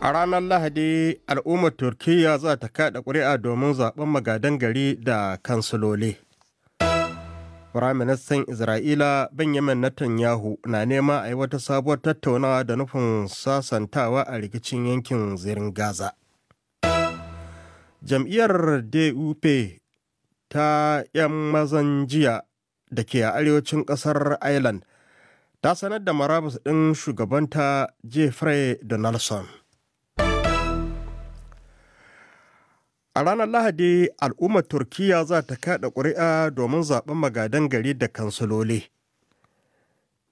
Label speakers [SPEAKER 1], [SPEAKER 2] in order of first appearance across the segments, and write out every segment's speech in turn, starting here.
[SPEAKER 1] A ranar Lahadi, al'ummar Turkiyya za ta kaɗa ƙuri'a domin zaɓen magadan gari da kansiloli. Firaministan Isra'ila Benjamin Netanyahu na nema a yi wata sabuwar tattaunawa da nufin sasantawa a rikicin yankin zirin Gaza. Jam'iyyar DUP ta 'yan mazan jiya da ke a arewacin ƙasar Ireland ta sanar da marabus ɗin shugabanta Jeffrey Donaldson. A ranar Lahadi, al'ummar Turkiyya za ta kaɗa ƙuri'a domin zaɓen magadan gari da kansiloli.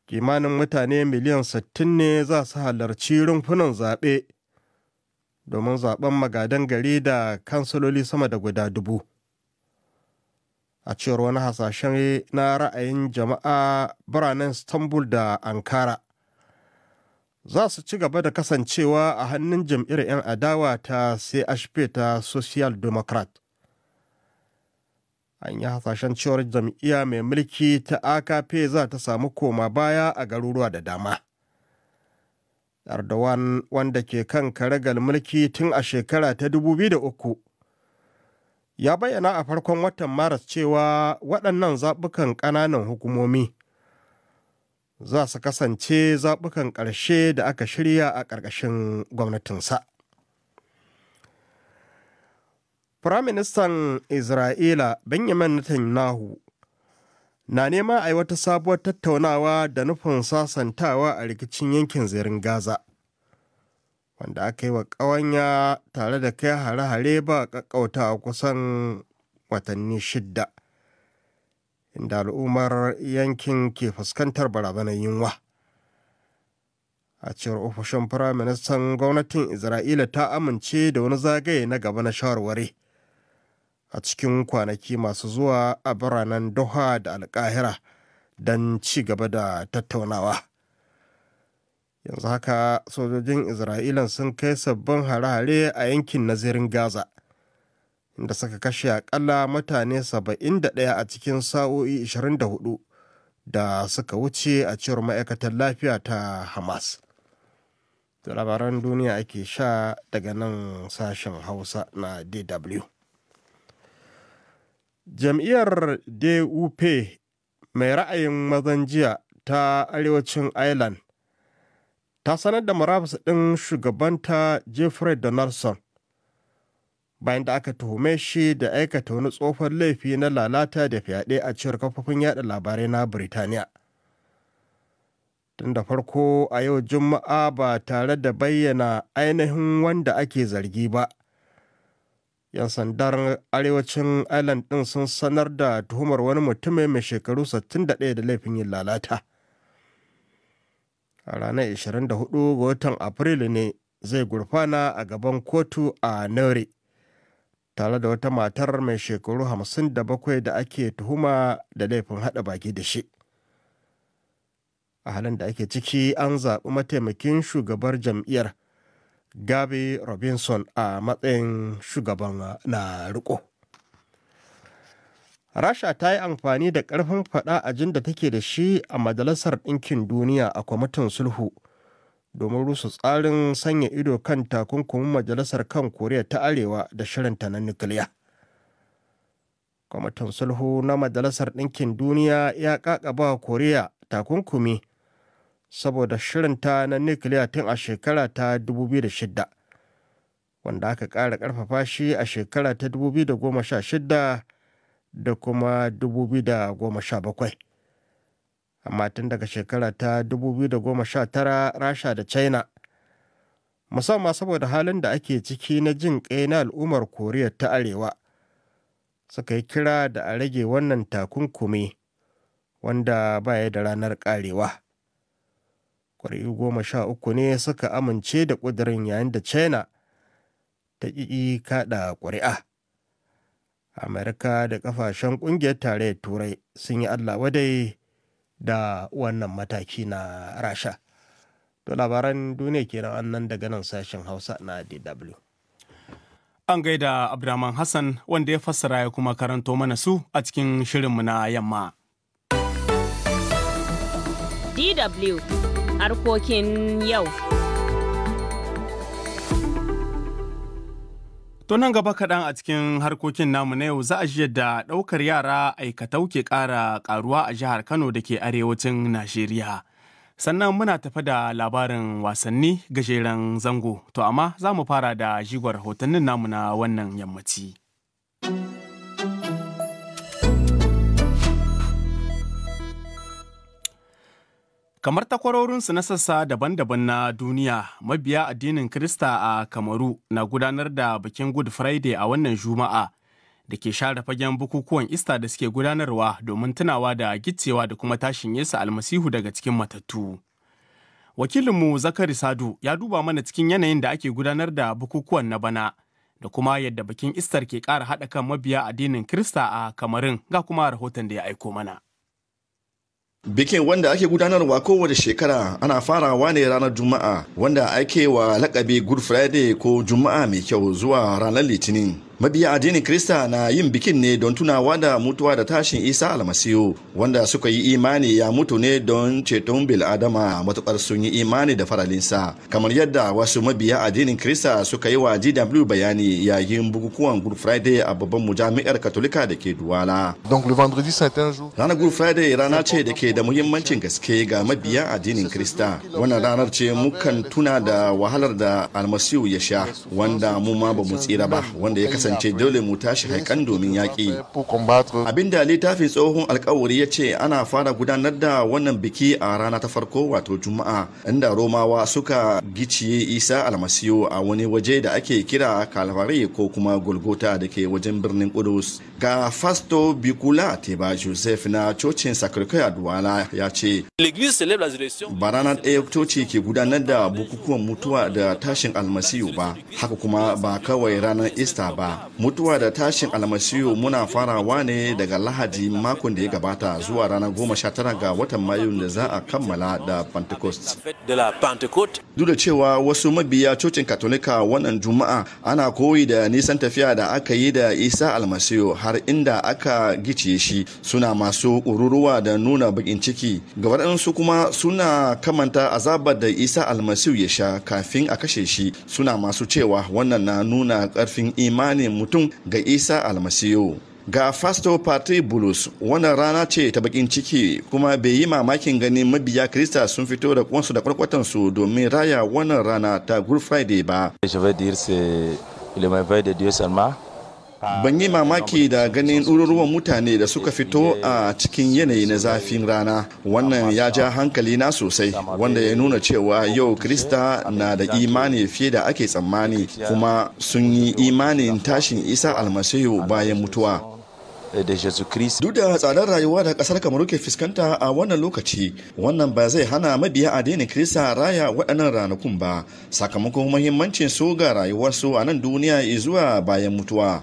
[SPEAKER 1] Kimanin mutane miliyan sittin ne za su halarci rumfunan zaɓe domin zaɓen magadan gari da kansiloli sama da guda dubu. A cewar wani hasashen na ra'ayin jama'a biranen Istanbul da Ankara. za su ci gaba da kasancewa a hannun jam'iyyar 'yan adawa ta CHP ta Social Democrat. An yi hasashen cewar jam'iyya mai mulki ta AKP za ta samu koma baya a garuruwa da dama. Ardawan, wanda ke kan karagal mulki tun a shekara ta 2003 ya bayyana a farkon watan Maris cewa waɗannan zaɓukan ƙananan hukumomi. za su kasance zaɓukan ƙarshe da aka shirya a ƙarƙashin gwamnatinsa. Firaministan Isra'ila Benjamin Netanyahu na nema a yi wata sabuwar tattaunawa da nufin sasantawa a rikicin yankin zirin Gaza, wanda aka yi wa ƙawanya tare da kai hare-hare ba ƙaƙƙautawa kusan watanni shidda. inda al'ummar yankin ke fuskantar barazanar yunwa a cewar ofishin firaministan gwamnatin isra'ila ta amince da wani zagaye na gaba na shawarwari a cikin kwanaki masu zuwa a biranen doha da alkahira don ci gaba da tattaunawa yanzu haka sojojin isra'ilan sun kai sabbin hare-hare a yankin nazirin gaza da suka kashe akalla mutane 71 a cikin sa'o'i 24 da suka wuce a cewar ma'aikatar lafiya ta hamas da labaran duniya ake sha daga nan sashen hausa na dw jam'iyyar dup mai ra'ayin mazan jiya ta arewacin ireland ta sanar da murabus ɗin shugabanta jeffrey donaldson bayan da aka tuhume shi da aikata wani tsohon laifi na lalata da fyaɗe a cewar kafofin yada labarai na Birtaniya. Tun da farko a yau Juma'a ba tare da bayyana ainihin wanda ake zargi ba. 'Yan sandar arewacin Ireland ɗin sun sanar da tuhumar wani mutumin mai shekaru 61 da laifin yin lalata. A ranar 24 ga watan Afrilu ne zai gurfana a gaban kotu a Nauri. tare da wata matar mai shekaru 57 da ake tuhuma da laifin haɗa baki da shi a halin da ake ciki an zaɓi mataimakin shugabar jam'iyyar gabi robinson a matsayin shugaban na riko rasha ta yi amfani da ƙarfin faɗa jin da take da shi a majalisar ɗinkin duniya a kwamitin sulhu domin rusa tsarin sanya ido kan takunkumin majalisar kan koriya ta arewa da shirinta na nukiliya kwamitin sulhu na majalisar ɗinkin duniya ya kakaba koriya takunkumi saboda shirinta na nukiliya tun a shekara ta 2006 wanda aka ƙara ƙarfafa shi a shekara ta 2016 da kuma 2017 amma tun daga shekara ta 2019 rasha da china musamman saboda halin da ake ciki na jin kai na al'ummar koriya ta arewa suka yi kira da a rage wannan takunkumi wanda baya da ranar karewa ƙwararru goma sha uku ne suka amince da ƙudurin yayin da china ta ƙi kaɗa ƙuri'a amurka da ƙafashen ƙungiyar tarayyar turai sun yi allah wadai da wannan mataki na rasha to labaran duniya ke kenan annan daga nan sashen hausa na dw
[SPEAKER 2] an gaida abdulrahman hassan wanda ya fassara ya kuma karanto mana su a cikin shirinmu na yamma
[SPEAKER 3] dw harkokin yau
[SPEAKER 2] To nan gaba kaɗan a cikin harkokin namu na yau za a ji yadda ɗaukar yara aikatau ke ƙara ƙaruwa a jihar Kano da ke arewacin Najeriya. Sannan muna tafi da labarin wasanni gajeren zango, to amma za mu fara da jigwar rahotannin namu na wannan yammaci. Kamar takwarorinsu na sassa daban-daban na duniya, mabiya addinin Krista a Kamaru na gudanar da bikin Good Friday a wannan Juma'a da ke share fagen bukukuwan Ista da suke gudanarwa domin tunawa da gicewa da kuma tashin Yesu almasihu daga cikin matattu. Wakilinmu Zakari Sadu ya duba mana cikin yanayin da ake gudanar da bukukuwan na bana da kuma yadda bikin Istar ke kara haɗa kan mabiya addinin Krista a Kamarin ga kuma rahoton da ya aiko mana.
[SPEAKER 3] Bikin wanda ake gudanarwa kowace shekara ana farawa ne ranar Juma'a wanda ake wa lakabi Good Friday ko Juma'a mai kyau zuwa ranar Litinin. mabiya addinin krista na yin bikin ne don tunawa da mutuwa da tashin isa almasihu wanda suka yi imani ya mutu ne don ceton bil'adama matukar sun yi imani da faralinsa kamar yadda wasu mabiya addinin krista suka yi wa gw bayani yayin bukukuwan good friday a babban mujami'ar katolika da ke duwala ranar good friday rana ce da ke da muhimmancin gaske ga mabiya addinin krista wannan ranar ce mukan tuna da wahalar da almasihu ya sha wanda mu ma ba mu tsira ba wanda ya kasa. kasance dole mu tashi haikan domin yaƙi abin abinda littafin tsohon alkawari ya ce ana fara gudanar da wannan biki a rana ta farko wato juma'a inda romawa suka giciye isa almasiyo a wani waje da ake kira kalvare ko kuma golgota da ke wajen birnin kudus ga fasto bikula teba joseph na cocin sakarkaya duwala ya ba ɗaya coci ke gudanar da bukukuwan mutuwa da tashin almasiyo ba haka kuma ba kawai ranar ista ba mutuwa da tashin almasiyo muna farawa ne daga lahadi makon da ya gabata zuwa ranar goma sha tara ga watan mayu da za a kammala da pentecost duk da cewa wasu mabiya cocin katolika wannan juma'a ana koyi da nisan tafiya da aka yi da isa almasiyo har inda aka gice shi suna masu ƙururuwa da nuna bakin ciki ga waɗansu kuma suna kamanta azabar da isa almasiyo ya sha kafin a kashe shi suna masu cewa wannan na nuna ƙarfin imani ne mutum ga isa almasiyo ga fasto patrick bulus wannan rana ce ta bakin ciki kuma bai yi mamakin ganin mabiya krista sun fito da kwansu da kwarkwatansu domin raya wannan rana ta good friday ba ban yi mamaki da ganin ɗururuwan mutane da suka fito a cikin yanayi na zafin rana wannan ya ja hankali na sosai wanda ya nuna cewa yau krista na da imani fiye da ake tsammani kuma sun yi imanin tashin isa almasihu bayan mutuwa da jesu kristi duk da tsadar rayuwa da kasar kamaru ke fuskanta a wannan lokaci wannan ba zai hana mabiya addinin kirista raya waɗannan ranakun ba sakamakon muhimmancin su ga rayuwarsu a nan duniya zuwa bayan mutuwa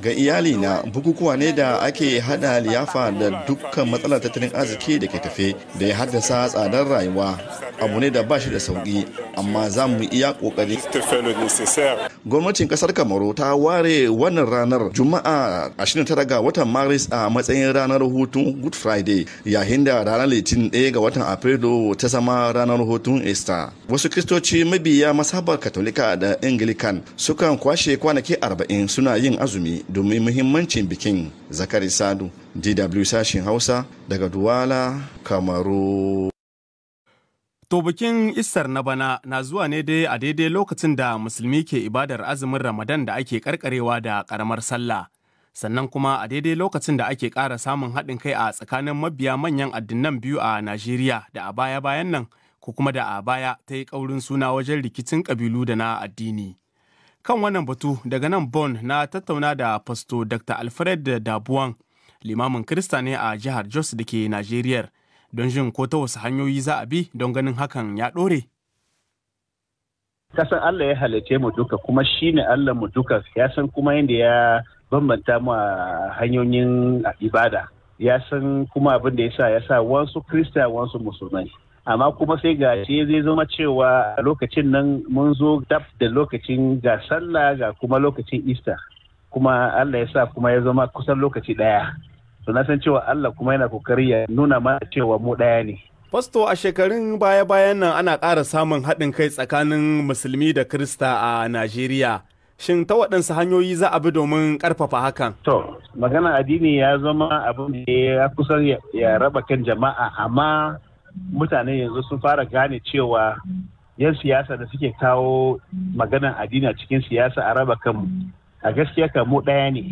[SPEAKER 3] ga iyali na bukukuwa ne da ake hada liyafa da dukkan matsalar tattalin arziki da ke tafe da ya haddasa tsadar rayuwa abu ne da ba shi da sauki amma za mu iya kokari gwamnatin kasar kamaru ta ware wannan wannan ranar Juma'a 29 ga watan Maris a matsayin ranar hutun Good Friday yayin da ranar Litinin 1 ga watan Afrilu ta zama ranar hutun Easter. Wasu Kiristoci mabiya masabar Katolika da Anglican sukan kwashe kwanaki 40 suna yin azumi domin muhimmancin bikin. Zakari Sadu, DW sashin Hausa daga Duwala, Kamaru. To bikin
[SPEAKER 2] Isar na bana na zuwa ne dai a daidai lokacin da musulmi ke ibadar azumin Ramadan da ake karkarewa da karamar sallah. Sannan kuma a daidai lokacin da ake kara samun haɗin kai a tsakanin mabiya manyan addinan biyu a Najeriya da a baya-bayan nan ko kuma da a baya ta yi ƙaurin suna wajen rikicin ƙabilu da na addini. Kan wannan batu daga nan Bon na tattauna da Fasto Dr. Alfred Dabuwan, limamin Kirista ne a jihar Jos da ke Najeriya. don jin ko ta wasu hanyoyi za a bi don ganin hakan ya ɗore.
[SPEAKER 4] Kasan Allah ya halice mu duka kuma shi ne Allah mu duka ya san kuma yadda ya bambanta mu a hanyoyin ibada. Ya san kuma abin da ya sa ya sa wasu Kirista wasu musulmai. amma kuma sai ga shi zai zama cewa a lokacin nan mun zo dab da lokacin ga sallah ga kuma lokacin Easter kuma Allah ya sa kuma ya zama kusan lokaci ɗaya. to na san cewa Allah kuma yana kokari ya nuna mana cewa mu ɗaya ne
[SPEAKER 2] Fasto a shekarun
[SPEAKER 4] baya-bayan nan ana ƙara
[SPEAKER 2] samun haɗin kai tsakanin musulmi da Krista a Najeriya. Shin ta waɗansu hanyoyi
[SPEAKER 4] za a bi domin ƙarfafa hakan? To, magana addini ya zama abin da ya kusan ya raba kan jama'a, amma mutane yanzu sun fara gane cewa yan siyasa da suke kawo maganan addini a cikin siyasa a raba kanmu. A gaskiya kan mu ɗaya ne.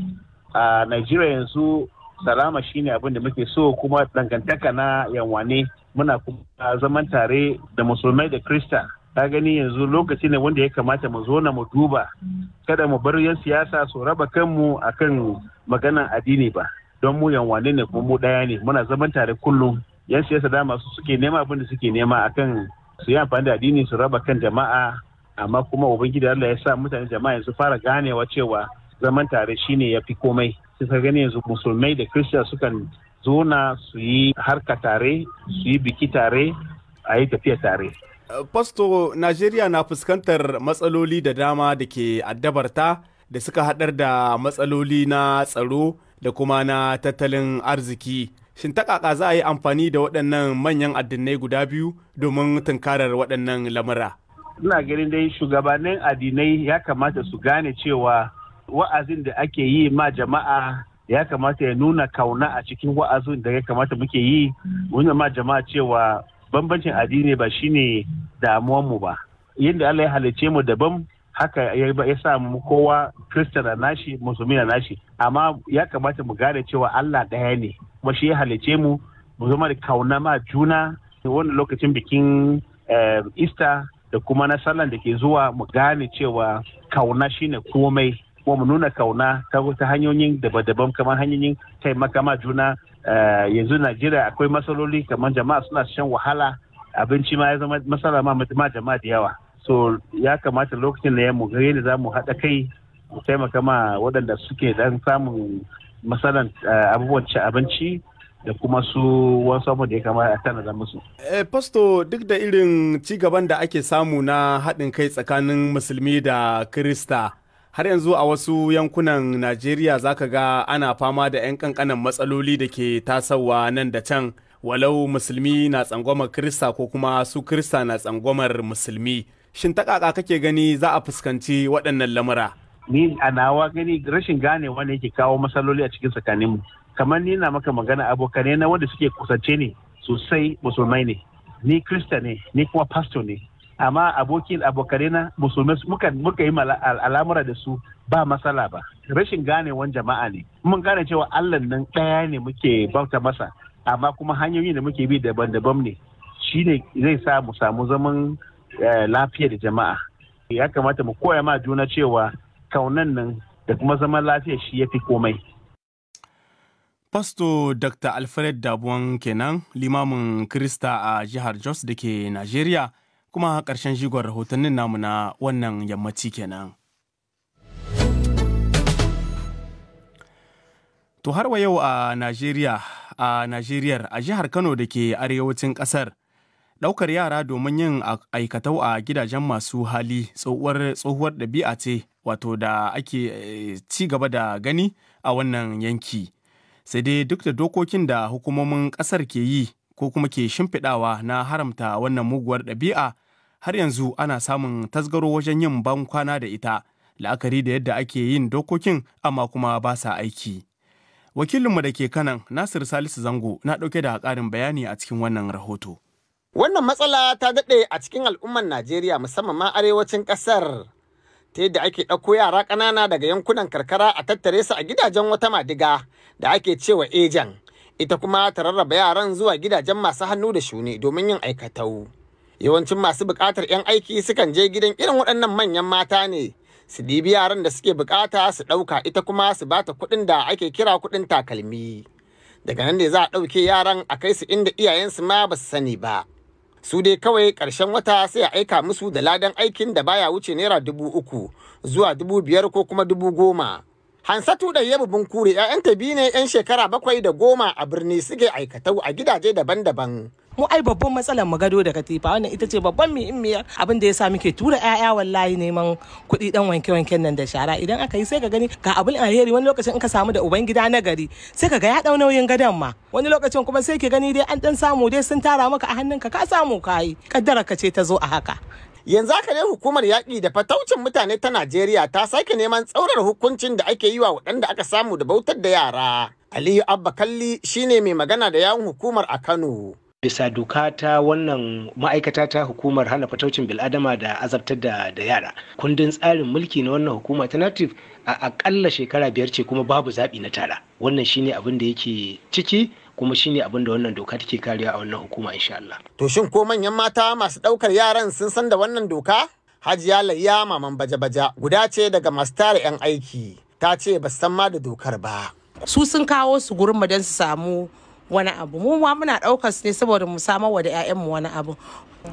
[SPEAKER 4] A Najeriya yanzu salama shine abin da muke so kuma dangantaka na yanwane muna kuma zaman tare da musulmai da krista ta gani yanzu lokaci ne wanda ya kamata mu zo na mu duba kada mu bar yan siyasa su raba kanmu akan maganan addini ba don mu yanwane ne kuma mu daya ne muna zaman tare kullum yan siyasa da masu suke nema abin da suke nema akan su yi amfani da addini su raba kan jama'a amma kuma ubangiji Allah ya sa mutane jama'a yanzu fara ganewa cewa zaman tare shine yafi komai sai gani yanzu musulmai da kirista sukan zona su yi harka tare su yi biki tare a yi tafiya tare
[SPEAKER 2] Fasto eh, Najeriya na fuskantar matsaloli da dama da ke addabarta da suka haɗar da matsaloli na tsaro da kuma na tattalin arziki. Shin takaka za a yi amfani da waɗannan manyan addinai guda biyu domin tunkarar waɗannan lamura?
[SPEAKER 4] Ina ganin dai shugabannin addinai ya kamata su gane cewa wa'azin da ake yi ma jama'a ya kamata ya nuna kauna a cikin wa'azin da ya kamata muke yi nuna ma jama'a cewa bambancin addini ba shine mu ba yadda Allah ya halice mu daban haka ya sa mu kowa Kirista na nashi musulmi na nashi amma ya kamata mu gane cewa Allah ɗaya ne kuma shi ya halice mu mu zama da kauna ma juna wani lokacin bikin eh, Easter da kuma na sallan da ke zuwa mu gane cewa kauna shine komai kuma mu nuna kauna ta hanyoyin daban-daban kamar hanyoyin taimaka ma juna eh, yanzu najeriya akwai matsaloli kamar jama'a suna shan wahala abinci ma ya zama matsala ma jama'a da yawa so ya kamata lokacin da ya mu gare da za mu haɗa kai mu taimaka ma waɗanda suke dan samun matsalan eh, abubuwan ci abinci da kuma su wasu da ya kamata a tanada musu.
[SPEAKER 2] Eh, pasto duk da irin ci gaban da ake samu na haɗin kai tsakanin musulmi da kirista har yanzu a wasu yankunan najeriya zaka ga ana fama da 'yan kankanan matsaloli da ke tasawa nan da can walau musulmi na tsangwamar kirista ko kuma su kirista na tsangwamar
[SPEAKER 4] musulmi shin takaka kake gani za a fuskanci waɗannan lamura ni a nawa gani rashin ganewa ne yake kawo matsaloli a cikin tsakaninmu kamar ni na maka magana abokanai na wanda suke kusance ne sosai musulmai ne ni kirista ne ni kuma pastor ne amma abokin abokanai na musulmai muka, muka yi al'amura da su ba matsala ba rashin ganewan jama'a ne mun gane cewa allah nan ɗaya ne muke bauta masa amma kuma hanyoyin da muke bi daban-daban ne shi ne zai sa mu samu zaman eh, lafiya da jama'a ya kamata mu koya ma juna cewa kaunan nan da kuma zaman lafiya shi ya fi komai
[SPEAKER 2] Pasto Dr. Alfred Dabuwan kenan limamin Krista a jihar Jos da ke Najeriya. kuma ƙarshen jigon rahotannin namu na wannan yammaci kenan. To har wa yau a Najeriya, a Najeriyar a jihar Kano da ke arewacin ƙasar, ɗaukar yara domin yin aikatau a gidajen masu hali tsohuwar ɗabi'a ce wato da ake eh, ci gaba da gani a wannan yanki sai dai duk da dokokin da hukumomin kasar ke yi ko kuma ke shimfiɗawa na haramta wannan muguwar ɗabi'a har yanzu ana samun tasgaro wajen yin ban kwana da ita la'akari da yadda ake yin dokokin amma kuma ba sa aiki wakilinmu da ke kanan nasir salisu zango na ɗauke da ƙarin bayani a cikin wannan rahoto
[SPEAKER 5] wannan matsala ta daɗe a cikin al'umman najeriya musamman ma arewacin ƙasar ta yadda ake ɗauko yara ƙanana daga yankunan karkara a tattare su a gidajen wata madiga da ake cewa ejan ita kuma ta rarraba yaran zuwa gidajen masu hannu da shuni domin yin aikatau Yawancin masu bukatar 'yan aiki sukan je gidan irin waɗannan manyan mata ne. Su ɗibi yaran da suke bukata su ɗauka ita kuma su bata kuɗin da ake kira kuɗin takalmi. Daga nan ne za a ɗauke yaran a kai su inda iyayensu ma ba su sani ba. Su dai kawai ƙarshen wata sai a aika musu da ladan aikin da baya wuce naira dubu uku zuwa dubu biyar ko kuma dubu goma. Hansatu da Yabu Bunkure ‘ya'yanta biyu ne ‘yan shekara bakwai da goma a birni suke aikatau a gidaje daban-daban. mu ai babban matsalar mu gado da katifa wannan ita ce babban mu in miyar abin da yasa muke tura ƴaƴa wallahi neman kuɗi dan wanke wanken nan da shara idan aka yi sai ka gani ga abin alheri wani lokacin in ka samu da uban gida na gari sai ka ga ya dau nauyin gadon ma wani lokacin kuma sai ke gani dai an dan samu dai sun tara maka a hannunka ka samu kayi kaddara ka ce ta zo a haka yanzu haka ne hukumar yaƙi da fataucin mutane ta Najeriya ta sake neman tsaurar hukuncin da ake yi wa waɗanda aka samu da bautar da yara. Aliyu Abba Kalli shine mai magana da yawun hukumar a Kano.
[SPEAKER 2] bisa doka ta wannan ma'aikata ta hukumar hana fataucin biladama da azabtar da, da yara kundin tsarin mulki na wannan hukuma ta natif a akalla shekara biyar ce kuma babu zaɓi na tara wannan shine abin da yake ciki kuma shine
[SPEAKER 5] abin da wannan doka take kariya a wannan hukuma insha Allah. To shin ko manyan mata masu ɗaukar yaran sun san da wannan doka? Hajiya Layya Maman Baja-Baja guda ce daga masu tara 'yan aiki ta ce ba san ma da dokar ba. Su sun kawo su gurin don su samu wani abu mu ma muna daukar su ne saboda mu samar wa da mu wani abu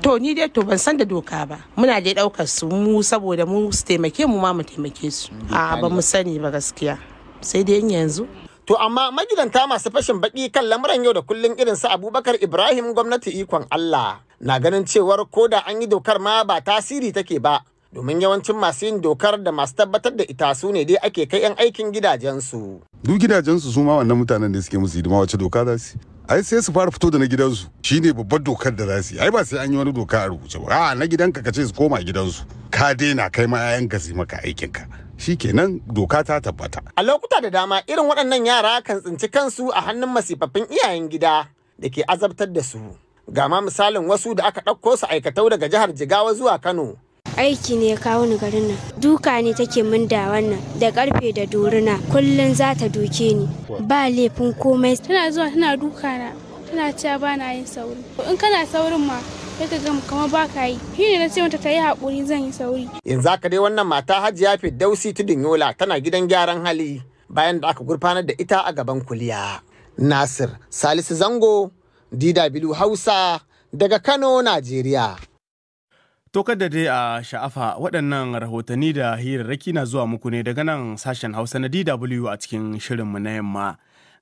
[SPEAKER 5] to ni dai to ban san da doka ba muna dai daukar su mu saboda mu su taimake mu ma mu taimake su a ba mu sani ba gaskiya sai dai yanzu To amma magidanta masu fashin baki kan lamuran yau da kullun irin su Abubakar Ibrahim gwamnati ikon Allah na ganin cewar ko da an yi dokar ma ba tasiri take ba domin yawancin masu yin dokar da masu tabbatar da ita su ne dai ake kai 'yan aikin gidajensu.
[SPEAKER 4] Duk gidajensu su ma wannan mutanen da suke musu hidima wace doka za su ai sai su fara fito da na gidansu shine babbar dokar da za su ai ba sai an yi wani doka a rubuce ba a na gidanka ka ce su koma gidansu ka daina kai ma 'ya'yanka su yi maka aikinka kenan doka ta
[SPEAKER 5] tabbata a lokuta da dama irin waɗannan yara kan tsinci kansu a hannun masifaffin iyayen gida da ke azabtar da su Gama misalin wasu da aka ɗauko su aikatau daga jihar jigawa zuwa kano
[SPEAKER 1] aiki ne ya kawo ni garin nan duka ne take min da wannan da karfe da duruna kullun za ta duke ni ba laifin komai tana zuwa tana duka na
[SPEAKER 2] tana cewa ba na yin sauri in kana saurin ma sai ka gama kamar ba ka yi shi ne na ce mata ta yi haƙuri zan yi sauri
[SPEAKER 5] yanzu haka dai wannan mata hajiya Fiddausi tudun yola tana gidan gyaran hali bayan da aka gurfanar da ita a gaban kuliya nasir salisu zango dw hausa daga kano najeriya
[SPEAKER 2] Tokar da dai a sha'afa waɗannan rahotanni da hirarraki na zuwa muku ne daga nan sashen Hausa na DW a cikin shirin mu na yamma.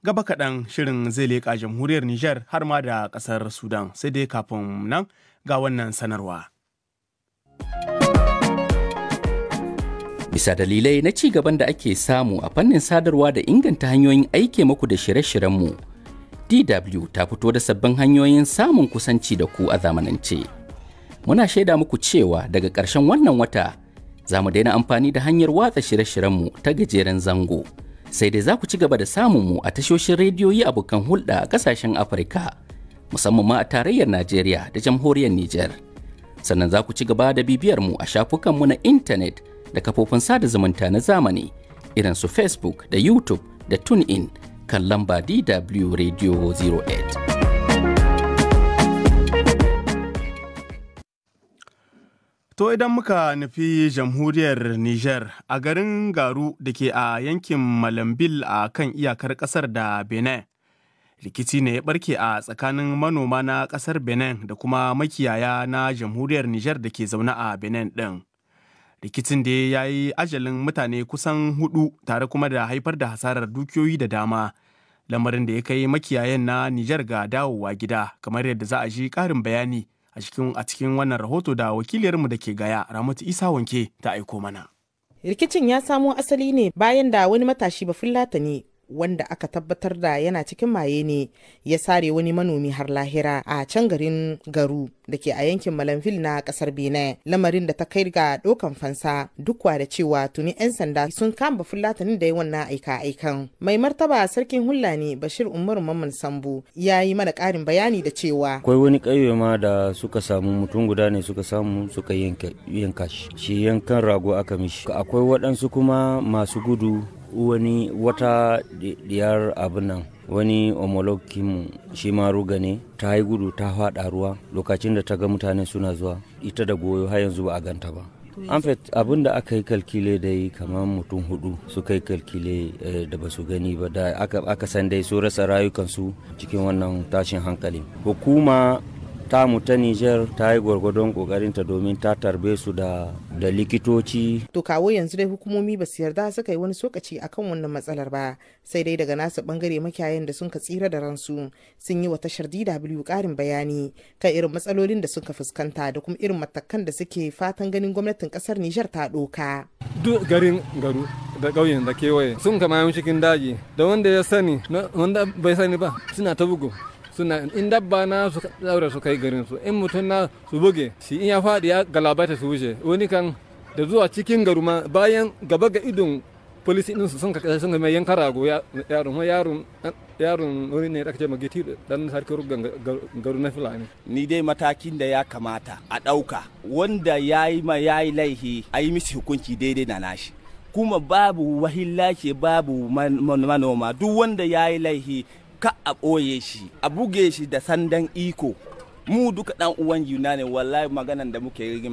[SPEAKER 2] Gaba kaɗan shirin zai leƙa jamhuriyar Nijar har ma da ƙasar Sudan sai dai kafin nan ga wannan sanarwa.
[SPEAKER 3] Bisa dalilai na ci gaban da ake samu a fannin sadarwa da inganta hanyoyin aike maku da shirye-shiryenmu, DW ta fito da sabbin hanyoyin samun kusanci da ku a zamanance. muna shaida muku cewa daga ƙarshen wannan wata za mu daina amfani da hanyar watsa shirye-shiryenmu ta gajeren zango sai dai za ku ci gaba da samun mu a tashoshin rediyoyi abokan hulɗa a ƙasashen afirka musamman ma a tarayyar najeriya da jamhuriyar Nijar. sannan za ku ci gaba da bibiyar mu a shafukanmu na intanet da kafofin sada zumunta na zamani irin su facebook da youtube da tunein kan lamba dw radio 08
[SPEAKER 2] To idan muka nufi jamhuriyar Nijar a garin Garu da ke a yankin Malambil a kan iyakar ƙasar da Benin. Rikici ne ya barke a tsakanin manoma na ƙasar Benin da kuma makiyaya na jamhuriyar Nijar da ke zaune a Benin ɗin. Rikicin da ya yi ajalin mutane kusan hudu tare kuma da haifar da hasarar dukiyoyi da dama. Lamarin da ya kai makiyayan na Nijar ga dawowa gida kamar yadda za a ji ƙarin bayani. a cikin wannan rahoto da wakiliyarmu da ke gaya ramatu isa wanke ta aiko mana rikicin ya samo asali ne bayan da wani matashi ne. wanda aka tabbatar da yana cikin maye ne ya sare wani manomi har lahira a can garin garu da ke a yankin malamfil na kasar benin lamarin da ta kai ga dokan fansa dukwa da cewa tuni 'yan sanda sun kama fulatanin da ya wannan aika aikan mai martaba sarkin hulani bashir umar mamman sambu ya yi mana karin bayani da cewa akwai wani kayyoyi ma da suka samu mutum guda ne suka samu suka yanka shi yankan rago aka mishi akwai waɗansu kuma masu gudu wani wata diyar abin nan wani omolokinmu shi ma ruga ne ta yi gudu ta faɗa ruwa lokacin da ta ga mutane suna zuwa ita da goyo har yanzu ba a ganta ba an abin da aka yi kalkile da yi kamar mutum hudu su yi kalkile eh, da ba su gani ba da aka san dai su rasa rayukansu cikin wannan tashin hankali hukuma tamu ta Nijar ta yi gwargwadon kokarinta domin ta tarbe su da da likitoci. To kawo yanzu dai hukumomi ba su yarda suka yi wani sokaci akan wannan matsalar ba sai dai daga nasu bangare makiyayan da sun ka tsira da ransu sun yi wa tashar DW karin bayani kan irin matsalolin da suka fuskanta da kuma irin matakan da suke fatan ganin gwamnatin kasar Nijar ta doka.
[SPEAKER 1] Duk garin garu da ƙauyen da kewaye sun kama cikin daji da wanda ya sani wanda bai sani ba suna ta bugu suna in dabba na su daura su kai garin su in mutum na su buge shi in ya faɗi ya galabata su wuce wani kan da zuwa cikin garuma bayan gaba ga idon polisi din sun ka sun mai yanka rago yaron yaron yaron wani ne da kace magiti dan
[SPEAKER 2] sarki rugan garu na fulani ni dai matakin da ya kamata a ɗauka wanda yayi ma yayi laihi a yi misi hukunci daidai na nashi kuma babu wahillace babu manoma duk wanda ya yi laihi ka a ɓoye shi a buge shi da sandan iko mu duka ɗan uwan juna ne wallahi maganan da muke rigima